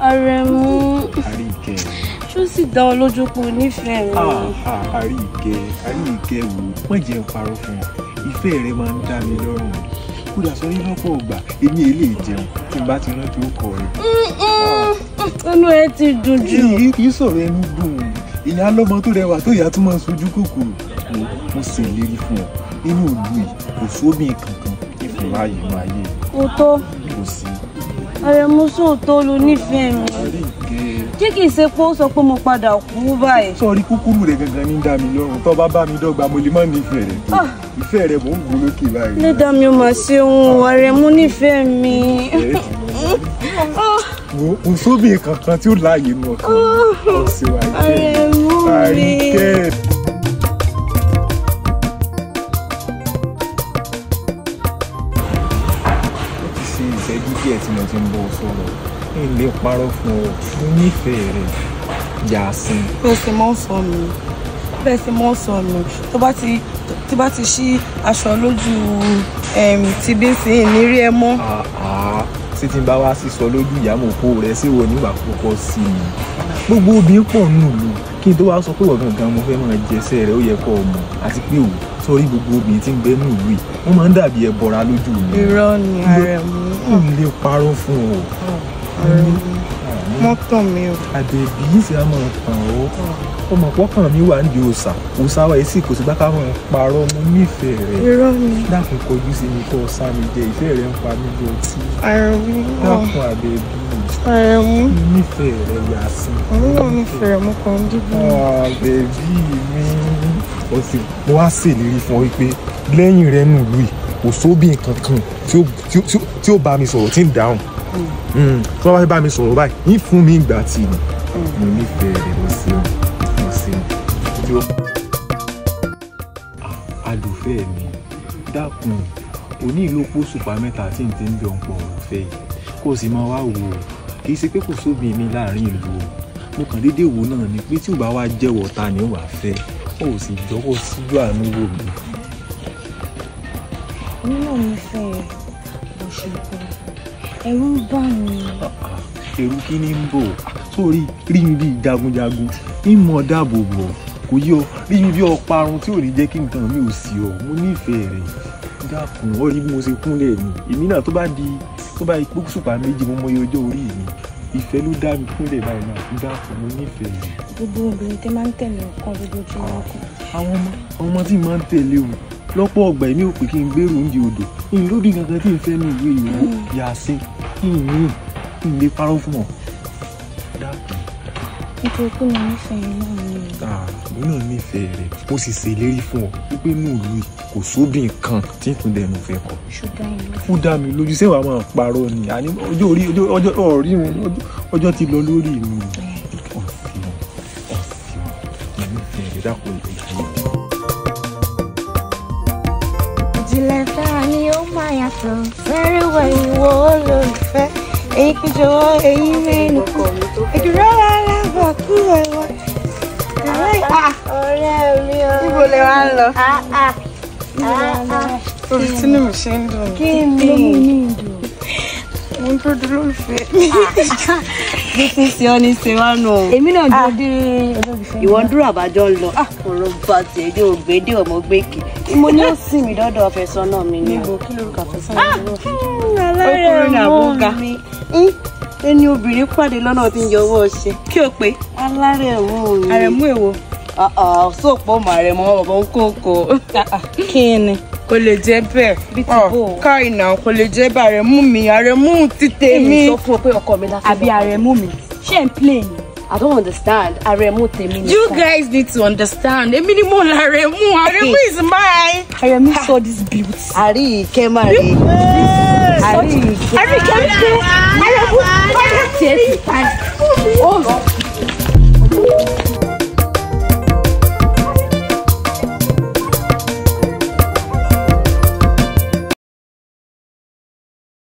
Àrẹ̀mú Àríkẹ́ ṣó sì dá ọ lójú pé o nífẹ̀ẹ́ mi. Ah, ah, Àríkẹ́ Àríkẹ́ wò ó wọ́n jẹ́ parọ́ fún ọ ìfẹ́ rẹ máa ń dá mi lọ́rùn kódà sọ ní lọ́pọ̀ ọgbà èmi èlé ìjẹun tí n bá ti rántí ó kọ rẹ. ẹnu ẹ ti dùn jù. kì í sọ̀rọ̀ ẹnu dùn ìyá lọ́mọ tó rẹwà tó yà tó máa ń sojú kòkòrò mo sì lérí fún ọ nínú ìlú yìí kò sómi kankan ìfúnra yìí máa yé. o tó. kò sí àrẹ̀mú sóò tó lu nífẹ̀ẹ́ mi kí kì í ṣe pé ó sọ pé mo padà kú báyìí. sọrí kúkúrú rẹ gangan ní dá mi lọ́rùn tó bá bá mi dọ́gba mo lè má nífẹ̀ẹ́ rẹ ah. ìfẹ́ rẹ mò ń wù lókè báyìí. lẹ́dàá mi ò mà ṣeun àrẹ̀mú nífẹ̀ẹ́ mi. mo eh? ah. sóbì kankan tí ó láàyè mọ̀ kan ọ̀sẹ̀ wáyé àríkẹ́. díẹ̀ tí mo ti ń bọ́ sọ̀rọ̀ ń lè parọ́ fún ọ mo nífẹ̀ẹ́ rẹ̀ yàásín. bó ṣe mọ́ sọ mi bẹ́ẹ̀ ṣe mọ́ sọ mi tó bá ti tí bá ti ṣí aṣọ lójú ti bí sí ní rí ẹ mọ́. ṣé tí n bá wá sísọ lójú ìyàmọ̀ kó rẹ sí wo nígbà kókó sí i gbogbo obìnrin pọ̀ nù lù kí n tó wá sọ pé wọ̀ gangan mo fẹ́ máa jẹsẹ̀ rẹ̀ ó yẹ kó o mọ̀ àti pé òun sórí gbogbo obìnrin tí ń bẹ nù ìlú yìí wọ́n máa ń dàbí ẹbọra lójú mi. irọ́ ni ààrẹ mi. n lè parọ́ fún ọ. mọ́tò mi o. àdèbí sì á máa kàn ọ́ ọmọ pọ́kàn mi wà nídìí òòsà òòsà wa èsì kò sí bá ká máa parọ́ mo nífẹ̀ẹ́ rẹ̀. irọ́ ni. dákun kọjú sí mi kó o mi jẹ ìfẹ́ rẹ̀ ń pa mí bí ọtí. ààrẹ mi wà. dákun àdèbí ààrẹ̀mú. nífẹ̀ẹ́ rẹ̀ yà sí. òun náà nífẹ̀ẹ́ rẹ̀ mo ó sì mo wá ṣèlérí fún ọ wípé lẹ́yìn rẹ nù lùi kò sóbì kankan tí ó bá mi sọ̀rọ̀ tí ń dáhùn mm. Mm. tí wọ́n bá fẹ́ bá mi sọ̀rọ̀ báyìí yín fún mi ìgbà tì ní mm. mo nífẹ̀ẹ́ rẹ̀ lọ sí ọ lọ sí ọ. àlùfẹ́ mi dákun òní ìlú pósù pa mẹ́ta tí n ti ń jọ ń pọ̀ ọ̀fẹ́ yìí kó sì máa wá wò ó kì í ṣe pé kò sóbì mi láàrin ìlú o mo kàn déédéé wò náà ni pé tí ò bá wá jẹ́wọ́ ta ni ó wàá fẹ́ ò sì jọ̀wọ́ síjú àánú wò mí. nínú mi fẹ́ òṣèlú ẹ̀rù ń bà mí. kí ni ń bò sórí rí mi bíi jagunjagun ń mọ̀ dáàbò bò kò yí ọ rí mi bíi ọparun tí ò ní jẹ́ kí nǹkan mi ò sí ọ mo nífẹ̀ẹ́ rẹ̀ dákun ọ rí bí mo ṣe kúnlẹ̀ mi èmi náà tó bá di tó bá ikú sùpà méjì mo mọ iye ọjọ́ orí mi ìfẹ́ ló dá mi kúnlẹ̀ báyìí náà ìgbà tó mo nífẹ̀ẹ́ mi. gbogbo obìnrin tẹ máa ń tẹ̀lé ọkàn lójoojúmọ́ ọkàn. àwọn ọmọ àwọn ọmọ tí mo máa ń tẹ̀lé o lọ́pọ̀ ọgbà èmi ò pé kí n gbèrò oúnjẹ odò ìlódì kankan tí n fẹ́ mi ìwé ìwé mm. yàsí ìyìn ìléparọ́ fún ọ nítorí pé mo nífẹ̀ẹ́ náà ni. àmì náà nífẹ̀ẹ́ rẹ̀ mo sì ṣèlérí fún ọ wípé inú ìlú kò sóbì kan tí tún dẹnu fẹ́ kọ. ó dá mi lójú sẹ́wọ̀n àwọn àparọ́ ni àní ọjọ́ orí ọjọ́ ọ̀rí mi ọjọ́ ti lọ lórí mi. ọ̀fìn ọ̀fìn mo nífẹ̀ẹ́ rẹ̀ dákun ìlú. ìjìnlẹ̀ fẹ́ra ni ó máa yàtọ̀ fẹ́rẹ̀wẹ̀ ìwọ olólùfẹ́ èyí kìí jọ̀wọ́ èyí mẹ́rin kò ìdúró rárá. This is your mi ibo lè wá ń lọ. orí tí mi ṣe ń dùn. kí ni mi ń dùn. mo ń tó dúró fẹ́. bí tí ṣe ọ́ ní ṣe wá nù. èmi náà dúró ah. dé ah, mi ni. níbo kí lórúkọ àfẹ́sọ́nà mi ah, hmm, ló fi ẹni obìnrin pàdé lọ́nà tí ń yọ ọwọ́ ṣe. kí o pé. alárẹ̀mú òye. àrẹ̀mú èwo. Ah, ah, sóòpọ̀ mọ̀ àrẹ̀mú bàbá ń kókó. Ah, kí ni. kò lè jẹ́ bẹ́ẹ̀. bí ti bò. ká ìnà kò lè jẹ́ bẹ́ẹ̀ àrẹ̀mú mi àrẹ̀mú ti tèmi. èyí sọ fún ọ pé ọkọ mi lásán. àbí àrẹ̀mú mi ṣé ń play ni. I don't understand. Aremu tèmi nìkan. You guys need to understand. Èmi ni mo l'Aremu. Aremu is mine. Aremu saw this beauty. Àrí ìkẹ́ máa rí. Ari, Ari, can you I have put five years. Oh,